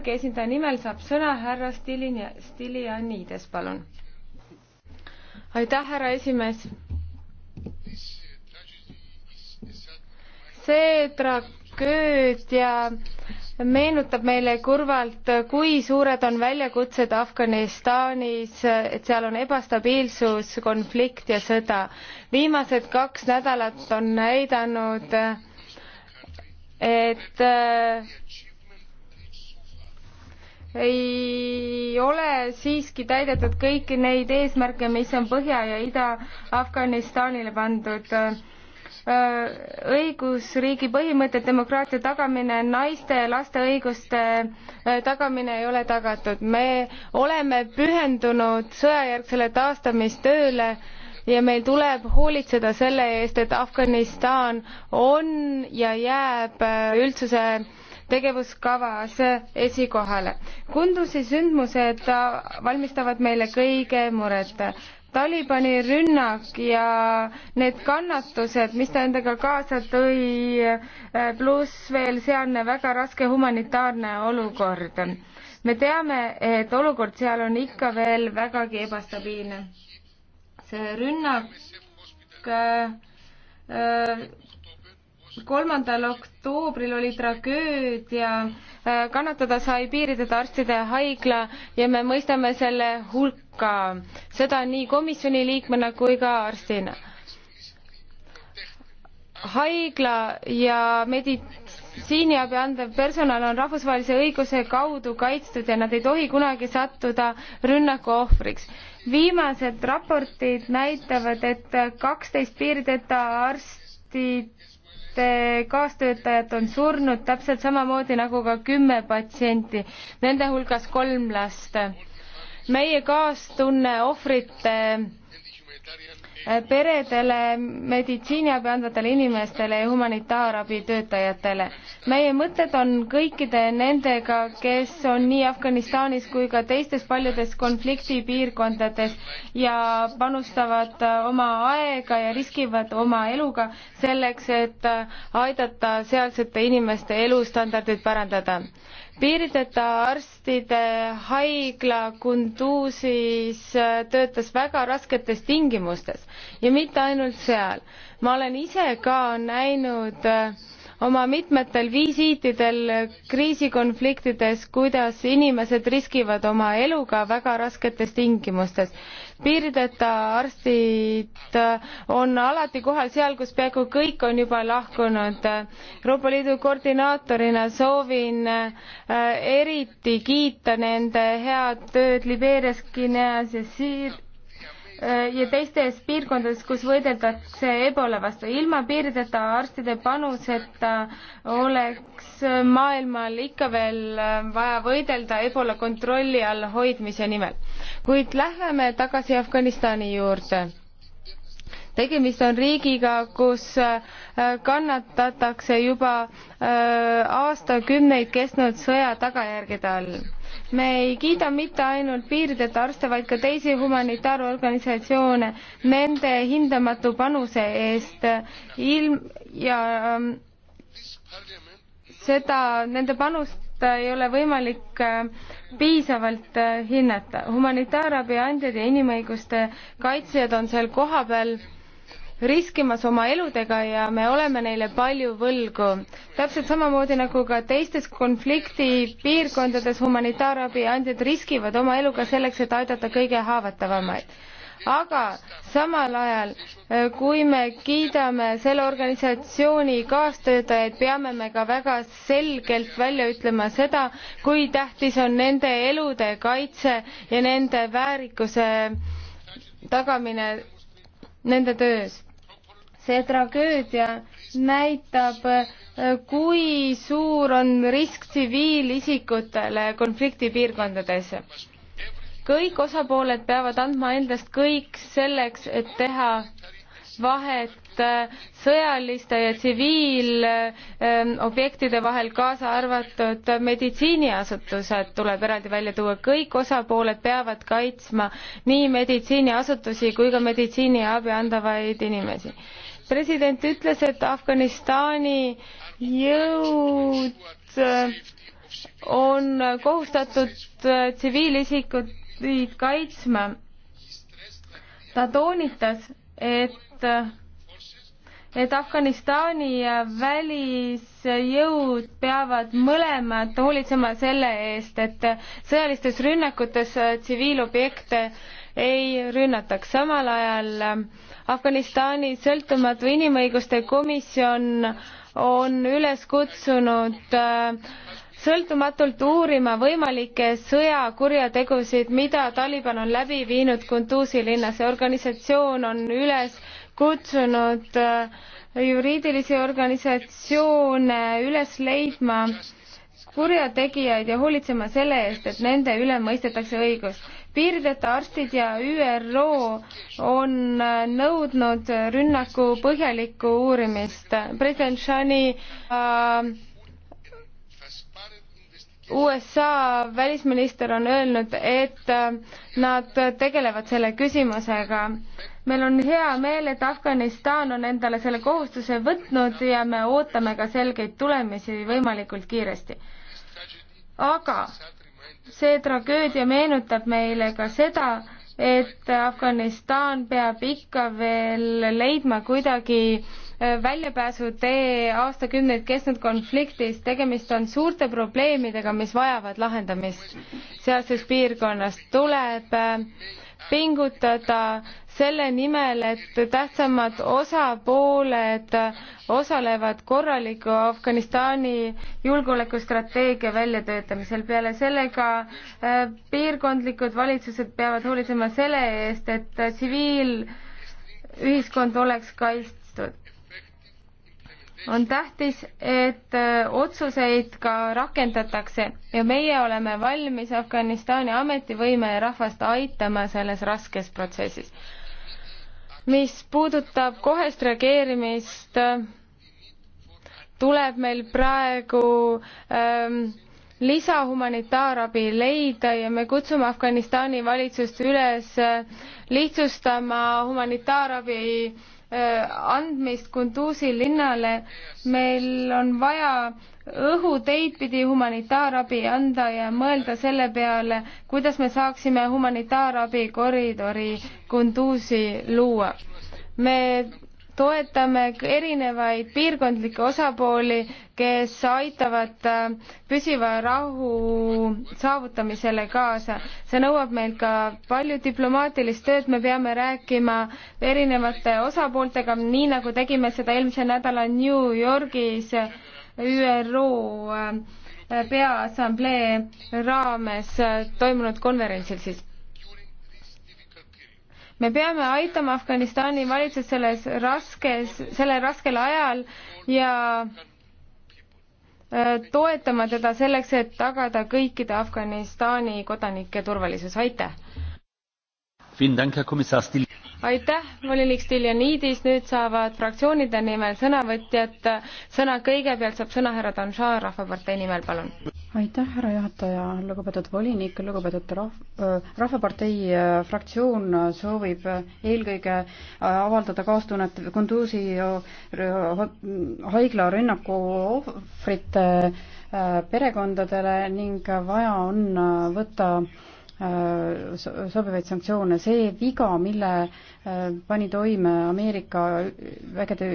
Georgia esindaja nimel saab sõna härra Stilin, Stilianides, palun. aitäh, härra esimees. see tragöödia meenutab meile kurvalt, kui suured on väljakutsed Afganistanis, et seal on ebastabiilsus, konflikt ja sõda. viimased kaks nädalat on näidanud, et ei ole siiski täidetud kõiki neid eesmärke, mis on Põhja ja Ida-Afganistanile pandud. Äh, õigusriigi põhimõtted, demokraatia tagamine, naiste ja laste õiguste äh, tagamine ei ole tagatud. me oleme pühendunud sõjajärgsele taastamistööle ja meil tuleb hoolitseda selle eest, et Afganistan on ja jääb äh, üldsuse tegevuskavas esikohale. Kundusi sündmused valmistavad meile kõige muret. Talibani rünnak ja need kannatused, mis ta endaga kaasa tõi, pluss veel sealne väga raske humanitaarne olukord. me teame, et olukord seal on ikka veel vägagi ebastabiilne. see rünnak äh, äh kolmandal oktoobril oli tragöödia, kannatada sai piirideta arstide haigla ja me mõistame selle hulka, seda nii komisjoni liikmena kui ka arstina. haigla ja meditsiiniabi andev personal on rahvusvahelise õiguse kaudu kaitstud ja nad ei tohi kunagi sattuda rünnaku ohvriks viimased raportid näitavad, et kaksteist piirideta arstid Eh, kaastöötajat on surnud täpselt samamoodi nagu ka kümme patsienti, nende hulgas kolm last. meie kaastunne ohvrite peredele, meditsiiniabi andvatele inimestele ja humanitaarabi töötajatele. meie mõtted on kõikide nendega, kes on nii Afganistanis kui ka teistes paljudes konfliktipiirkondades ja panustavad äh, oma aega ja riskivad oma eluga selleks, et äh, aidata sealsete inimeste elustandardit parandada piirideta arstide haigla Kunduusis äh, töötas väga rasketes tingimustes ja mitte ainult seal. ma olen ise ka näinud äh, oma mitmetel visiitidel kriisikonfliktides, kuidas inimesed riskivad oma eluga väga rasketes tingimustes. piirideta arstid on alati kohal seal, kus peaaegu kõik on juba lahkunud. Euroopa Liidu koordinaatorina soovin äh, eriti kiita nende head tööd Libeerias, Guineas ja Siir-, Äh, ja teistes piirkondades, kus võideldakse ebola vastu. ilma piirideta arstide panuseta oleks maailmal ikka veel äh, vaja võidelda ebola kontrolli all hoidmise nimel. kuid läheme tagasi Afganistani juurde tegemist on riigiga, kus äh, kannatatakse juba aastakümneid kestnud sõja tagajärgede all me ei kiida mitte ainult piirideta arste, vaid ka teisi humanitaarorganisatsioone nende hindamatu panuse eest ilm ja ähm, seda, nende panust ei ole võimalik ähm, piisavalt äh, hinnata. humanitaarabi andjad ja inimõiguste kaitsjad on seal kohapeal riskimas oma eludega ja me oleme neile palju võlgu. täpselt samamoodi nagu ka teistes konfliktipiirkondades humanitaarabi andjad riskivad oma eluga selleks, et aidata kõige haavatavamaid. aga samal ajal, eh, kui me kiidame selle organisatsiooni kaastöötajaid, peame me ka väga selgelt välja ütlema seda, kui tähtis on nende elude kaitse ja nende väärikuse tagamine nende töös see tragöödia näitab, kui suur on risk tsiviilisikutele konfliktipiirkondades. kõik osapooled peavad andma endast kõik selleks, et teha vahet äh, sõjaliste ja tsiviilobjektide äh, vahel, kaasa arvatud meditsiiniasutused tuleb eraldi välja tuua. kõik osapooled peavad kaitsma nii meditsiiniasutusi kui ka meditsiiniabi andavaid inimesi president ütles, et Afganistani jõud äh, on kohustatud äh, tsiviilisikuid kaitsma. ta toonitas, et, äh, et Afganistani ja välisjõud peavad mõlemad hoolitsema selle eest, et sõjalistes rünnakutes tsiviilobjekte äh, ei rünnataks. samal ajal Afganistani sõltumatu inimõiguste komisjon on üles kutsunud äh, sõltumatult uurima võimalikke sõjakurjategusid, mida Taliban on läbi viinud Kunduzi linnas ja organisatsioon on üles kutsunud äh, juriidilisi organisatsioone üles leidma kurjategijaid ja hoolitsema selle eest, et nende üle mõistetakse õigust piirideta arstid ja ÜRO on äh, nõudnud rünnaku põhjalikku uurimist. president Shani äh, USA välisminister on öelnud, et äh, nad tegelevad selle küsimusega. meil on hea meel, et Afganistan on endale selle kohustuse võtnud ja me ootame ka selgeid tulemusi võimalikult kiiresti. aga see tragöödia meenutab meile ka seda, et Afganistan peab ikka veel leidma kuidagi äh, väljapääsutee aastakümneid kestnud konfliktist, tegemist on suurte probleemidega, mis vajavad lahendamist. sealses piirkonnas tuleb äh, pingutada selle nimel, et tähtsamad osapooled osalevad korraliku Afganistani julgeolekustrateegia väljatöötamisel. peale sellega äh, piirkondlikud valitsused peavad hoolitsema selle eest, et tsiviilühiskond oleks kaitstud on tähtis, et äh, otsuseid ka rakendatakse ja meie oleme valmis Afganistani ametivõime ja rahvast aitama selles raskes protsessis. mis puudutab kohest reageerimist, tuleb meil praegu ähm, lisahumanitaarabi leida ja me kutsume Afganistani valitsust üles äh, lihtsustama humanitaarabi äh, Äh, andmist Kunduzi linnale. meil on vaja õhuteid pidi humanitaarabi anda ja mõelda selle peale, kuidas me saaksime humanitaarabi koridori Kunduzi luua. me toetame erinevaid piirkondlikke osapooli, kes aitavad äh, püsiva rahu saavutamisele kaasa. see nõuab meilt ka palju diplomaatilist tööd, me peame rääkima erinevate osapooltega, nii nagu tegime seda eelmisel nädalal New Yorgis ÜRO äh, Peaassamblee raames äh, toimunud konverentsil siis me peame aitama Afganistani valitsust selles raskes, sellel raskel ajal ja äh, toetama teda selleks, et tagada kõikide Afganistani kodanike turvalisus, aitäh! aitäh, volinik Stiljanidis, nüüd saavad fraktsioonide nimel sõnavõtjad sõna, kõigepealt saab sõna härra Danšar Rahvapartei nimel, palun. aitäh, härra juhataja, lugupeetud volinik, lugupeetud rahv-, äh, Rahvapartei äh, fraktsioon soovib eelkõige äh, avaldada kaastunnet Kunduzi haigla rünnaku ohvrite perekondadele ning vaja on võtta Äh, sobivaid sanktsioone. see viga, mille äh, pani toime Ameerika vägede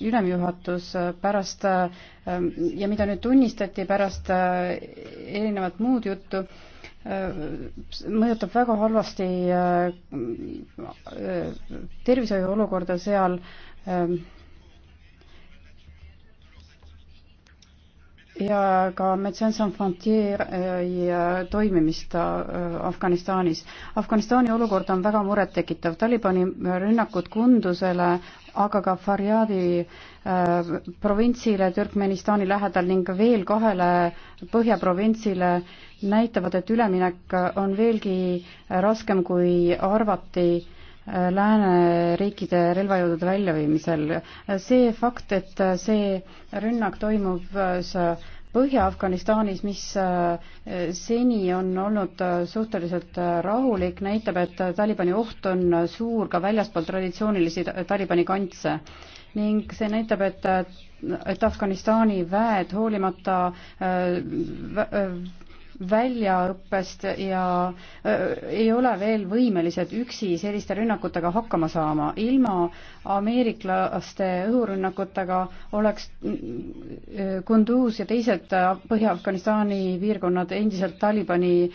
ülemjuhatus äh, pärast ja mida nüüd tunnistati pärast erinevat muud juttu, mõjutab väga halvasti tervishoiu olukorda seal ja ka Médecins Sans Frontieri äh, toimimist äh, Afganistanis. Afganistani olukord on väga murettekitav, Talibani rünnakud Kundusele, aga ka Faryadi äh, provintsile Türkmenistani lähedal ning veel kahele põhjaprovintsile näitavad, et üleminek on veelgi raskem, kui arvati lääneriikide relvajõudude väljaviimisel. see fakt, et see rünnak toimub äh, Põhja-Afganistanis, mis äh, seni on olnud äh, suhteliselt rahulik, näitab, et Talibani oht on suur ka väljaspool traditsioonilisi Talibani kantse. ning see näitab, et, et Afganistani väed hoolimata väljaõppest ja öö, ei ole veel võimelised üksi selliste rünnakutega hakkama saama. ilma ameeriklaste õhurünnakutega oleks Kunduz ja teised Põhja-Afganistani piirkonnad endiselt Talibani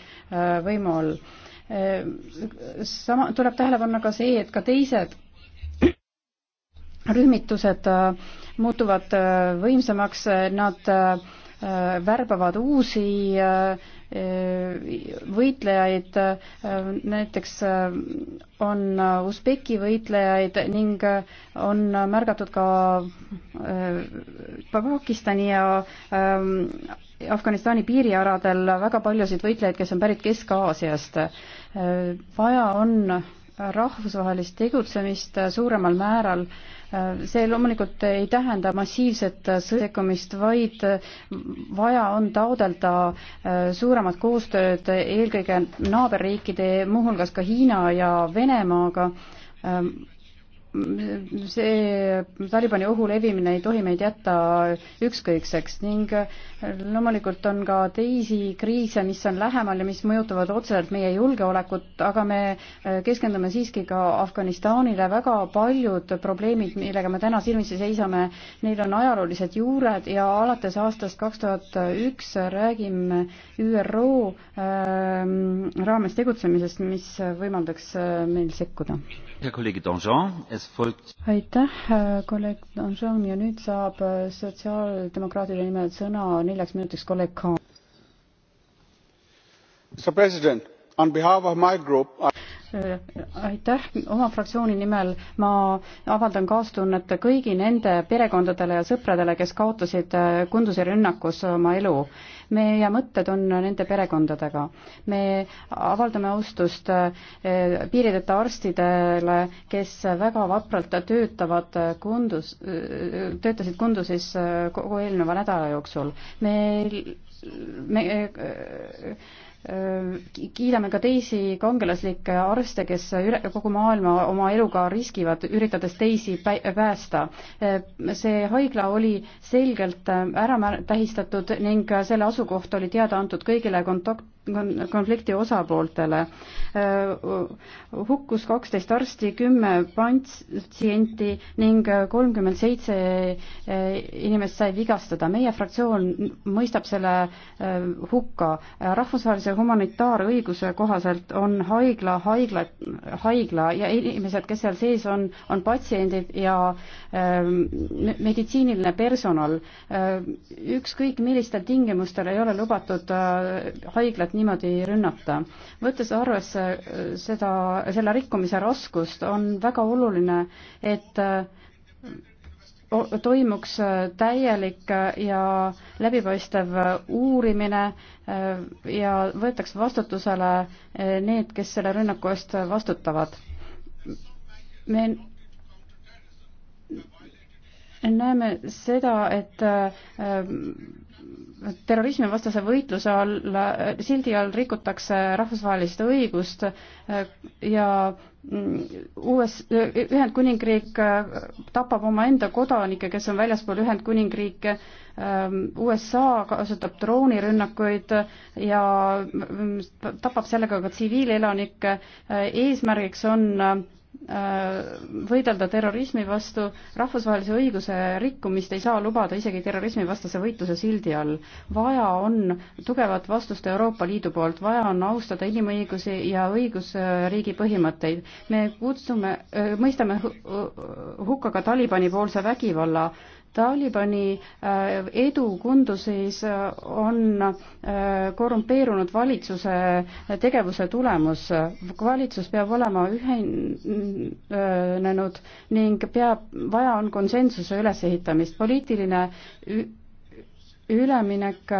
võimu all. sama, tuleb tähele panna ka see, et ka teised rühmitused äh, muutuvad äh, võimsamaks, nad äh, Äh, värbavad uusi äh, võitlejaid, äh, näiteks on Usbeki võitlejaid ning on märgatud ka Pakistani ja Afganistani piirialadel väga paljusid võitlejaid, kes on pärit Kesk-Aasiast. vaja on rahvusvahelist tegutsemist äh, suuremal määral. Äh, see loomulikult ei tähenda massiivset äh, sekkumist, vaid vaja on taodelda suuremat koostööd eelkõige naaberriikide, muuhulgas ka Hiina ja Venemaaga ähm, see Talibani ohu levimine ei tohi meid jätta ükskõikseks ning loomulikult on ka teisi kriise, mis on lähemal ja mis mõjutavad otseselt meie julgeolekut, aga me keskendume siiski ka Afganistanile. väga paljud probleemid, millega me täna silmitsi seisame, neil on ajaloolised juured ja alates aastast kaks tuhat üks räägime ÜRO ähm, raames tegutsemisest, mis võimaldaks meil sekkuda. hea kolleeg Donjon aitäh, äh, kolleeg Danjon ja nüüd saab äh, sotsiaaldemokraatide nimel sõna neljaks minutiks kolleeg Khan aitäh, oma fraktsiooni nimel ma avaldan kaastunnet kõigi nende perekondadele ja sõpradele, kes kaotasid äh, Kunduse rünnakus oma elu. meie mõtted on nende perekondadega. me avaldame austust äh, piirideta arstidele, kes väga vapralt töötavad Kundus, äh, töötasid Kundusis kogu eelneva nädala jooksul. me, me kiidame ka teisi kangelaslikke arste, kes üle kogu maailma oma eluga riskivad, üritades teisi päästa. see haigla oli selgelt ära tähistatud ning selle asukoht oli teada antud kõigile kontakt, konflikti osapooltele. Äh, hukkus kaksteist arsti, kümme patsienti ning kolmkümmend seitse äh, inimest sai vigastada. meie fraktsioon mõistab selle äh, hukka. rahvusvahelise humanitaarõiguse kohaselt on haigla, haigla, haigla ja inimesed, kes seal sees on, on patsiendid ja ähm, meditsiiniline personal. ükskõik millistel tingimustel ei ole lubatud haiglat nii niimoodi rünnata. võttes arvesse äh, seda, selle rikkumise raskust, on väga oluline, et äh, toimuks äh, täielik ja läbipaistev uurimine ja võetaks vastutusele need, kes selle rünnaku eest vastutavad. me näeme seda, et äh, terrorismivastase võitluse all, äh, sildi all rikutakse rahvusvahelist õigust äh, ja mm, US, Ühendkuningriik tapab omaenda kodanikke, kes on väljaspool Ühendkuningriike, ähm, USA kasutab droonirünnakuid ja mm, tapab sellega ka tsiviilelanikke, eesmärgiks on Äh, võidelda terrorismi vastu, rahvusvahelise õiguse rikkumist ei saa lubada isegi terrorismivastase võitluse sildi all. vaja on tugevat vastust Euroopa Liidu poolt, vaja on austada inimõigusi ja õigusriigi põhimõtteid. me kutsume, äh, mõistame hukka ka Talibani poolse vägivalla äh, Talibani äh, edu Kundusis äh, on äh, korrumpeerunud valitsuse tegevuse tulemus. valitsus peab olema ühinenud ning peab, vaja on konsensuse ülesehitamist. poliitiline üleminek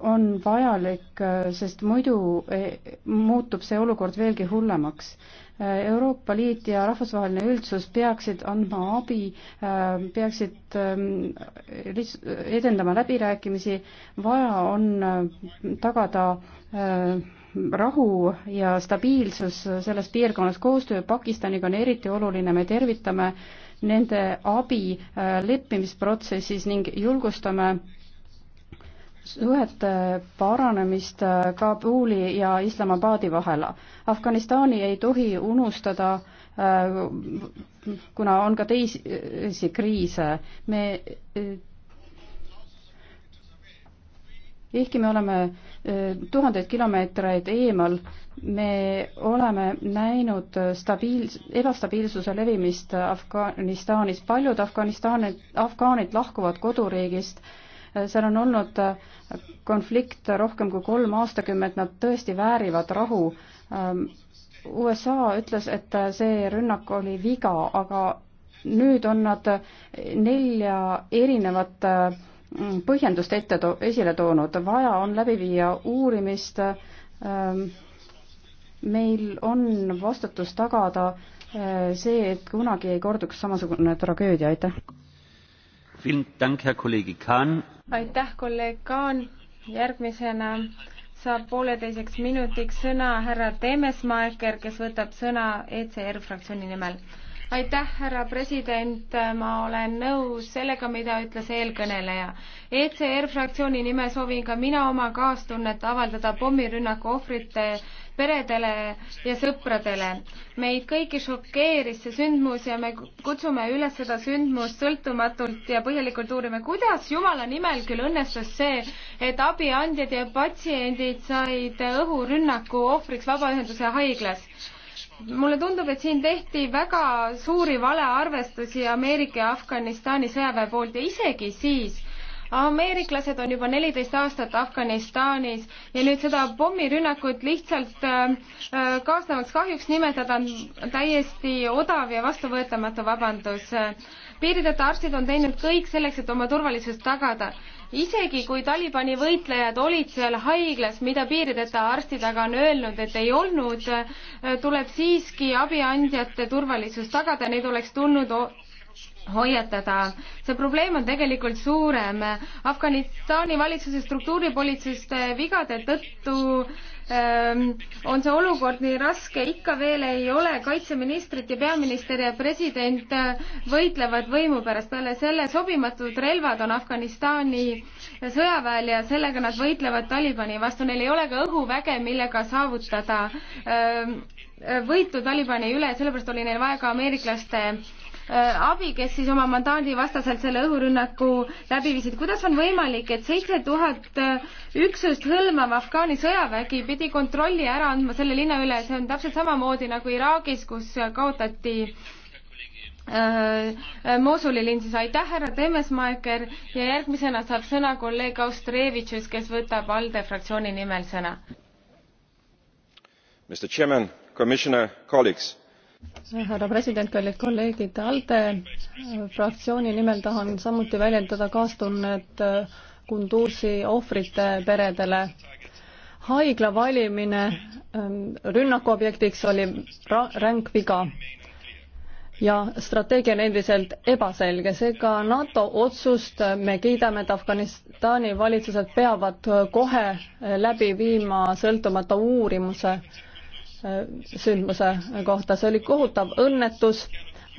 on vajalik, sest muidu eh, muutub see olukord veelgi hullemaks. Eh, Euroopa Liit ja rahvusvaheline üldsus peaksid andma abi, eh, peaksid ehm, edendama läbirääkimisi, vaja on tagada rahu ja stabiilsus selles piirkonnas, koostöö Pakistaniga on eriti oluline, me tervitame nende abi leppimisprotsessis ning julgustame suhete paranemist Kabuli ja Islamabadi vahel. Afganistani ei tohi unustada, äh, kuna on ka teisi kriise. me äh, ehkki me oleme äh, tuhandeid kilomeetreid eemal, me oleme näinud stabiils-, ebastabiilsuse levimist Afganistanis, paljud Afganistani, afgaanid lahkuvad koduriigist äh, seal on olnud äh, konflikt rohkem kui kolm aastakümmet, nad tõesti väärivad rahu. Ähm, USA ütles, et äh, see rünnak oli viga, aga nüüd on nad nelja erinevat äh, põhjendust ette to-, esile toonud, vaja on läbi viia uurimist, ähm, meil on vastutus tagada see, et kunagi ei korduks samasugune tragöödia, aitäh! aitäh, kolleeg Kaan. järgmisena saab pooleteiseks minutiks sõna härra Temesmaeker, kes võtab sõna ECR fraktsiooni nimel aitäh, härra president, ma olen nõus sellega, mida ütles eelkõneleja. ECR fraktsiooni nimel soovin ka mina oma kaastunnet avaldada pommirünnaku ohvrite peredele ja sõpradele. meid kõiki šokeeris see sündmus ja me kutsume üles seda sündmust sõltumatult ja põhjalikult uurima, kuidas jumala nimel küll õnnestus see, et abiandjad ja patsiendid said õhurünnaku ohvriks Vabaühenduse haiglas mulle tundub, et siin tehti väga suuri valearvestusi Ameerika ja Afganistani sõjaväe poolt ja isegi siis, ameeriklased on juba neliteist aastat Afganistanis ja nüüd seda pommirünnakut lihtsalt äh, äh, kaasnevaks kahjuks nimetada on täiesti odav ja vastuvõetamatu vabandus. piirideta arstid on teinud kõik selleks, et oma turvalisust tagada isegi kui Talibani võitlejad olid seal haiglas, mida piirideta arstid aga on öelnud, et ei olnud, äh, tuleb siiski abiandjate turvalisus tagada, neid oleks tulnud hoiatada. see probleem on tegelikult suurem. Afganistani valitsuse struktuuripolitsiste vigade tõttu ähm, on see olukord nii raske, ikka veel ei ole kaitseministrit ja peaminister ja president võitlevad võimu pärast. peale selle sobimatud relvad on Afganistani sõjaväel ja sellega nad võitlevad Talibani vastu. Neil ei ole ka õhuväge, millega saavutada ähm, võitu Talibani üle, sellepärast oli neil vaja ka ameeriklaste Äh, abi, kes siis oma mandaadi vastaselt selle õhurünnaku läbi viisid. kuidas on võimalik, et seitse tuhat äh, üksust hõlmav Afgaani sõjavägi pidi kontrolli ära andma selle linna üle, see on täpselt samamoodi nagu Iraagis, kus äh, kaotati äh, Mosuli linn siis, aitäh, härra Temesmaeker ja järgmisena saab sõna kolleeg Austrevitšus, kes võtab ALDE fraktsiooni nimel sõna. Mr Chairman, Commissioner, colleagues härra president, kallid kolleegid, ALDE äh, fraktsiooni nimel tahan samuti väljendada kaastunnet äh, Kundursi ohvrite peredele. haigla valimine ähm, rünnaku objektiks oli ränk viga ja strateegia on endiselt ebaselge, seega NATO otsust äh, me kiidame, et Afganistani valitsused peavad kohe läbi viima sõltumata uurimuse Äh, sündmuse kohta, see oli kohutav õnnetus,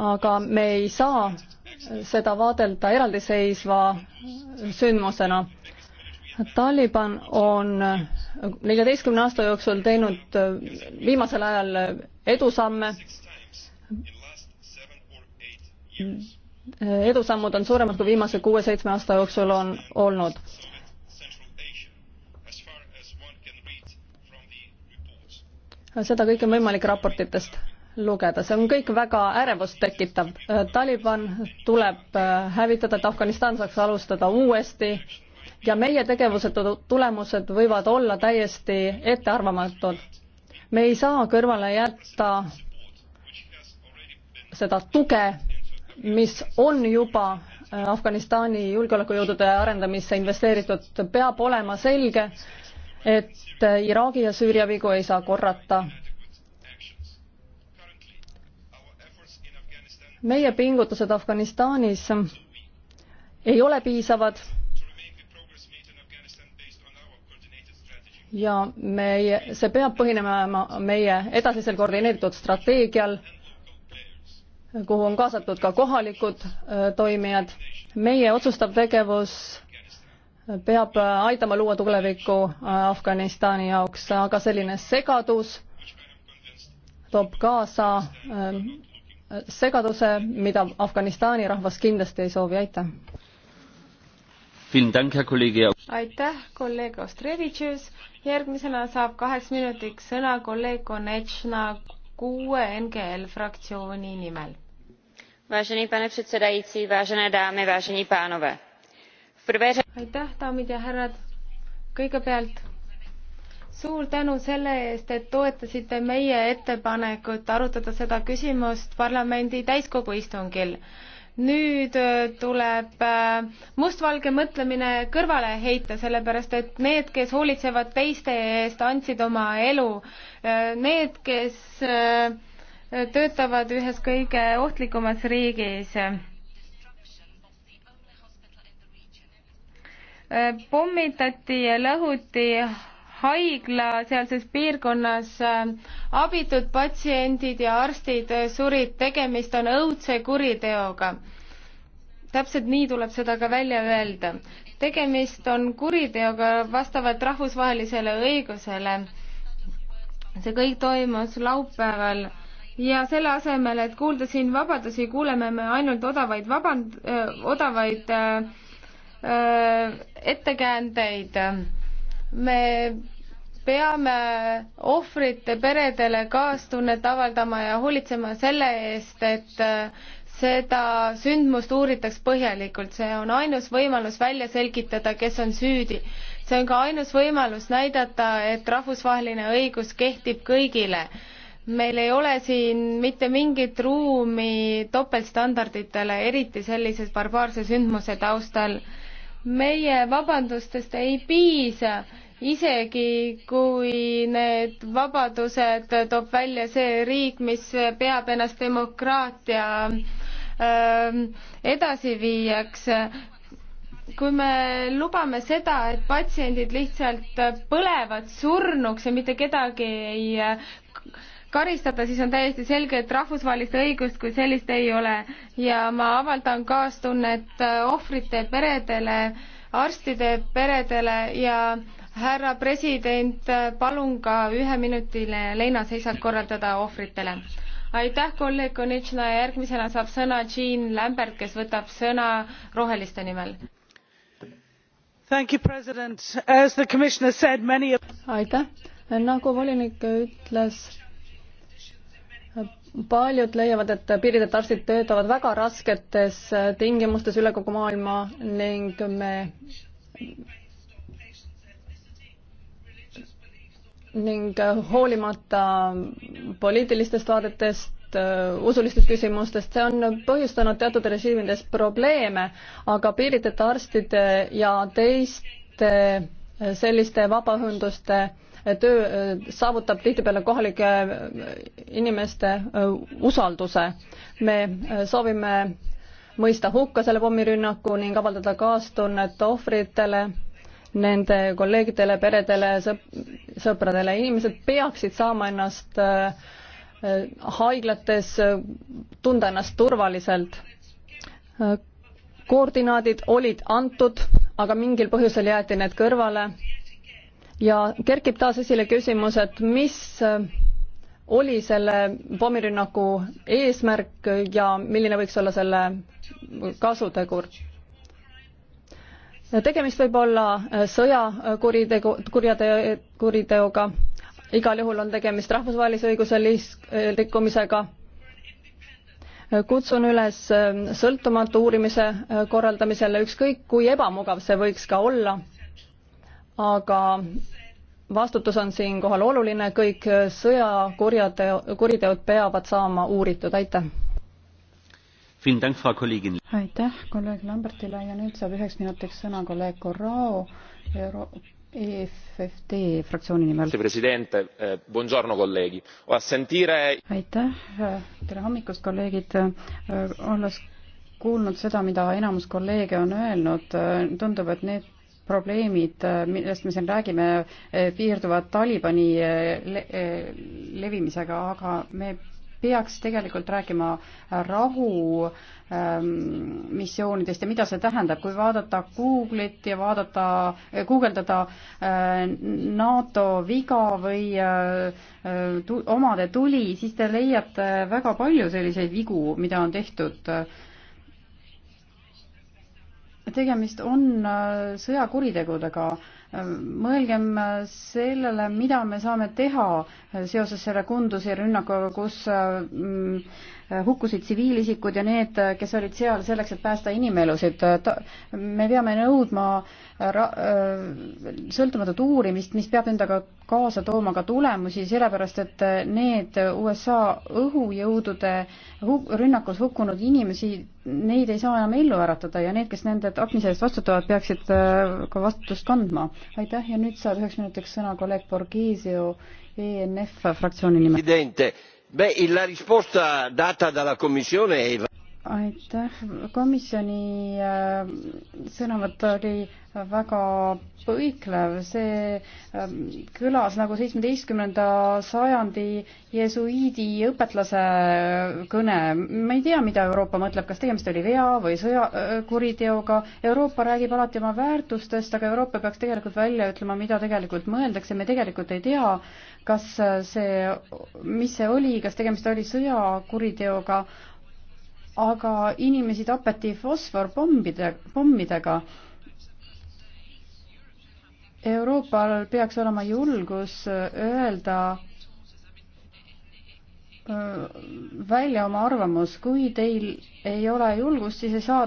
aga me ei saa seda vaadelda eraldiseisva sündmusena. Taliban on neljateistkümne aasta jooksul teinud äh, viimasel ajal edusamme. edusammud on suuremad, kui viimase kuue-seitsme aasta jooksul on olnud seda kõike on võimalik raportitest lugeda, see on kõik väga ärevust tekitav. Äh, Taliban tuleb äh, hävitada, et Afganistan saaks alustada uuesti ja meie tegevuse tulemused võivad olla täiesti ettearvamatud. me ei saa kõrvale jätta seda tuge, mis on juba äh, Afganistani julgeolekujõudude arendamisse investeeritud, peab olema selge, et Iraagi ja Süüria vigu ei saa korrata. meie pingutused Afganistanis ei ole piisavad ja meie, see peab põhinema meie edasisel koordineeritud strateegial, kuhu on kaasatud ka kohalikud äh, toimijad. meie otsustav tegevus peab aitama luua tulevikku äh, Afganistani jaoks, aga selline segadus toob kaasa äh, segaduse, mida Afganistani rahvas kindlasti ei soovi, aitäh. aitäh, kolleeg Ostrevitšus. järgmisena saab kaheks minutiks sõna kolleeg Konechna kuue NGL fraktsiooni nimel. Vážený pane předsedající, vážené dámy, vážení pánové aitäh, daamid ja härrad. kõigepealt suur tänu selle eest, et toetasite meie ettepanekut arutada seda küsimust parlamendi täiskogu istungil nüüd äh, tuleb äh, mustvalge mõtlemine kõrvale heita, sellepärast et need, kes hoolitsevad teiste eest, andsid oma elu. Äh, need, kes töötavad ühes kõige ohtlikumas riigis pommitati ja lõhuti haigla sealses piirkonnas äh, abitud patsiendid ja arstid surid, tegemist on õudse kuriteoga. täpselt nii tuleb seda ka välja öelda. tegemist on kuriteoga vastavalt rahvusvahelisele õigusele. see kõik toimus laupäeval ja selle asemel, et kuulda siin vabadusi, kuuleme me ainult odavaid vaband-, äh, odavaid öö, äh, Äh, ettekäändeid. me peame ohvrite peredele kaastunnet avaldama ja hoolitsema selle eest, et äh, seda sündmust uuritaks põhjalikult, see on ainus võimalus välja selgitada, kes on süüdi. see on ka ainus võimalus näidata, et rahvusvaheline õigus kehtib kõigile. meil ei ole siin mitte mingit ruumi topeltstandarditele, eriti sellise barbaarse sündmuse taustal meie vabandustest ei piisa, isegi kui need vabadused toob välja see riik, mis peab ennast demokraatia ähm, edasiviijaks. kui me lubame seda, et patsiendid lihtsalt põlevad surnuks ja mitte kedagi ei karistada, siis on täiesti selge, et rahvusvahelist õigust kui sellist ei ole ja ma avaldan kaastunnet äh, ohvrite peredele, arstide peredele ja härra president, äh, palun ka üheminutiline leinaseisak korraldada ohvritele. aitäh, kolleeg Konitšna ja järgmisena saab sõna Jean Lambert, kes võtab sõna roheliste nimel. aitäh, nagu volinik ütles, paljud leiavad, et piirideta arstid töötavad väga rasketes tingimustes üle kogu maailma ning me ning hoolimata poliitilistest vaadetest, usulistest küsimustest, see on põhjustanud teatud režiimides probleeme, aga piirideta arstide ja teiste selliste vabaühenduste töö saavutab tihtipeale kohalike äh, inimeste äh, usalduse. me äh, soovime mõista hukka selle pommirünnaku ning avaldada kaastunnet ohvritele, nende kolleegidele, peredele, sõpradele. inimesed peaksid saama ennast haiglates, tunda ennast turvaliselt. koordinaadid olid antud, aga mingil põhjusel jäeti need kõrvale ja kerkib taas esile küsimus, et mis äh, oli selle pommirünnaku eesmärk ja milline võiks olla selle kasutegur? tegemist võib olla äh, sõjakuritegu, kurjateo, kuriteoga, igal juhul on tegemist rahvusvahelise õiguse äh, rikkumisega. kutsun üles sõltumatu uurimise korraldamisele, ükskõik kui ebamugav see võiks ka olla aga vastutus on siinkohal oluline, kõik sõjakurjateo, kuriteod peavad saama uuritud, aitäh! aitäh kolleeg Lambertile ja nüüd saab üheks minutiks sõna kolleeg Corrao Euro EFFD fraktsiooni nimel. Eh, aitäh, tere hommikust, kolleegid, eh, olles kuulnud seda, mida enamus kolleege on öelnud, eh, tundub, et need probleemid, millest me siin räägime, piirduvad Talibani eh, le eh, levimisega, aga me peaks tegelikult rääkima rahu ehm, missioonidest ja mida see tähendab, kui vaadata Google'it ja vaadata, eh, guugeldada NATO viga või omade tuli, siis te leiate väga palju selliseid vigu, mida on tehtud tegemist on äh, sõjakuritegudega. Äh, mõelgem äh, sellele, mida me saame teha seoses selle Kundusi rünnakuga, kus mm, hukkusid tsiviilisikud ja need, kes olid seal selleks, et päästa inimelusid. me peame nõudma äh, sõltumatut uurimist, mis peab endaga kaasa tooma ka tulemusi, sellepärast et need USA õhujõudude rünnakus hukkunud inimesi, neid ei saa enam ellu äratada ja need, kes nende tapmise eest vastutavad, peaksid äh, ka vastutust kandma. aitäh ja nüüd saab üheks minutiks sõna kolleeg Borghese ENF fraktsiooni nimel beh la risposta data dalla commissione è vaga aitäh, komisjoni äh, sõnavõtt oli väga põiklev, see ähm, kõlas nagu seitsmeteistkümnenda sajandi jesuiidi õpetlase kõne. ma ei tea, mida Euroopa mõtleb, kas tegemist oli vea või sõjakuriteoga. Äh, Euroopa räägib alati oma väärtustest, aga Euroopa peaks tegelikult välja ütlema, mida tegelikult mõeldakse, me tegelikult ei tea, kas äh, see, mis see oli, kas tegemist oli sõjakuriteoga aga inimesi tapeti fosforpommide, pommidega. Euroopal peaks olema julgus öelda välja oma arvamus, kui teil ei ole julgust, siis ei saa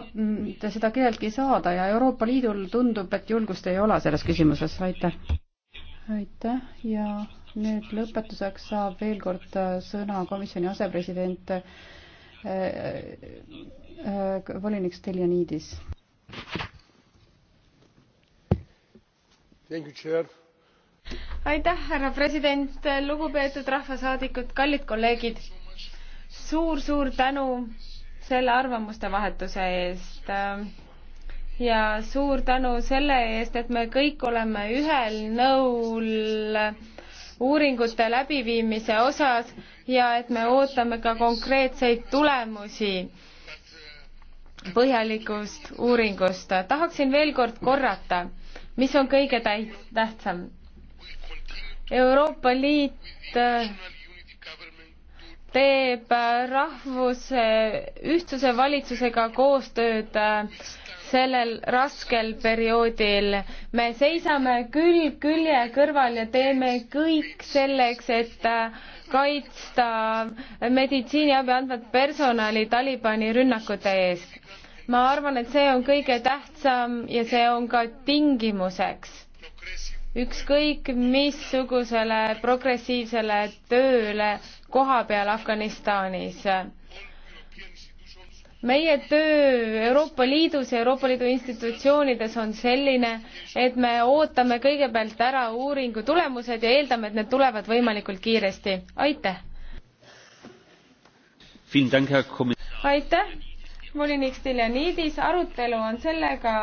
te seda keeltki saada ja Euroopa Liidul tundub, et julgust ei ole selles küsimuses, aitäh. aitäh ja nüüd lõpetuseks saab veel kord äh, sõna komisjoni asepresident volinik Steljanidis. aitäh, härra president, lugupeetud rahvasaadikud, kallid kolleegid suur,. suur-suur tänu selle arvamuste vahetuse eest ja suur tänu selle eest, et me kõik oleme ühel nõul uuringute läbiviimise osas ja et me ootame ka konkreetseid tulemusi põhjalikust uuringust. tahaksin veel kord korrata, mis on kõige täht-, tähtsam. Euroopa Liit äh, teeb äh, rahvuse ühtsuse valitsusega koostööd äh, sellel raskel perioodil. me seisame külg külje kõrval ja teeme kõik selleks, et äh, kaitsta meditsiiniabi andvat personali Talibani rünnakute eest. ma arvan, et see on kõige tähtsam ja see on ka tingimuseks ükskõik missugusele progressiivsele tööle koha peal Afganistanis meie töö Euroopa Liidus ja Euroopa Liidu institutsioonides on selline, et me ootame kõigepealt ära uuringu tulemused ja eeldame, et need tulevad võimalikult kiiresti. aitäh! aitäh, volinik Stiljanidis, arutelu on sellega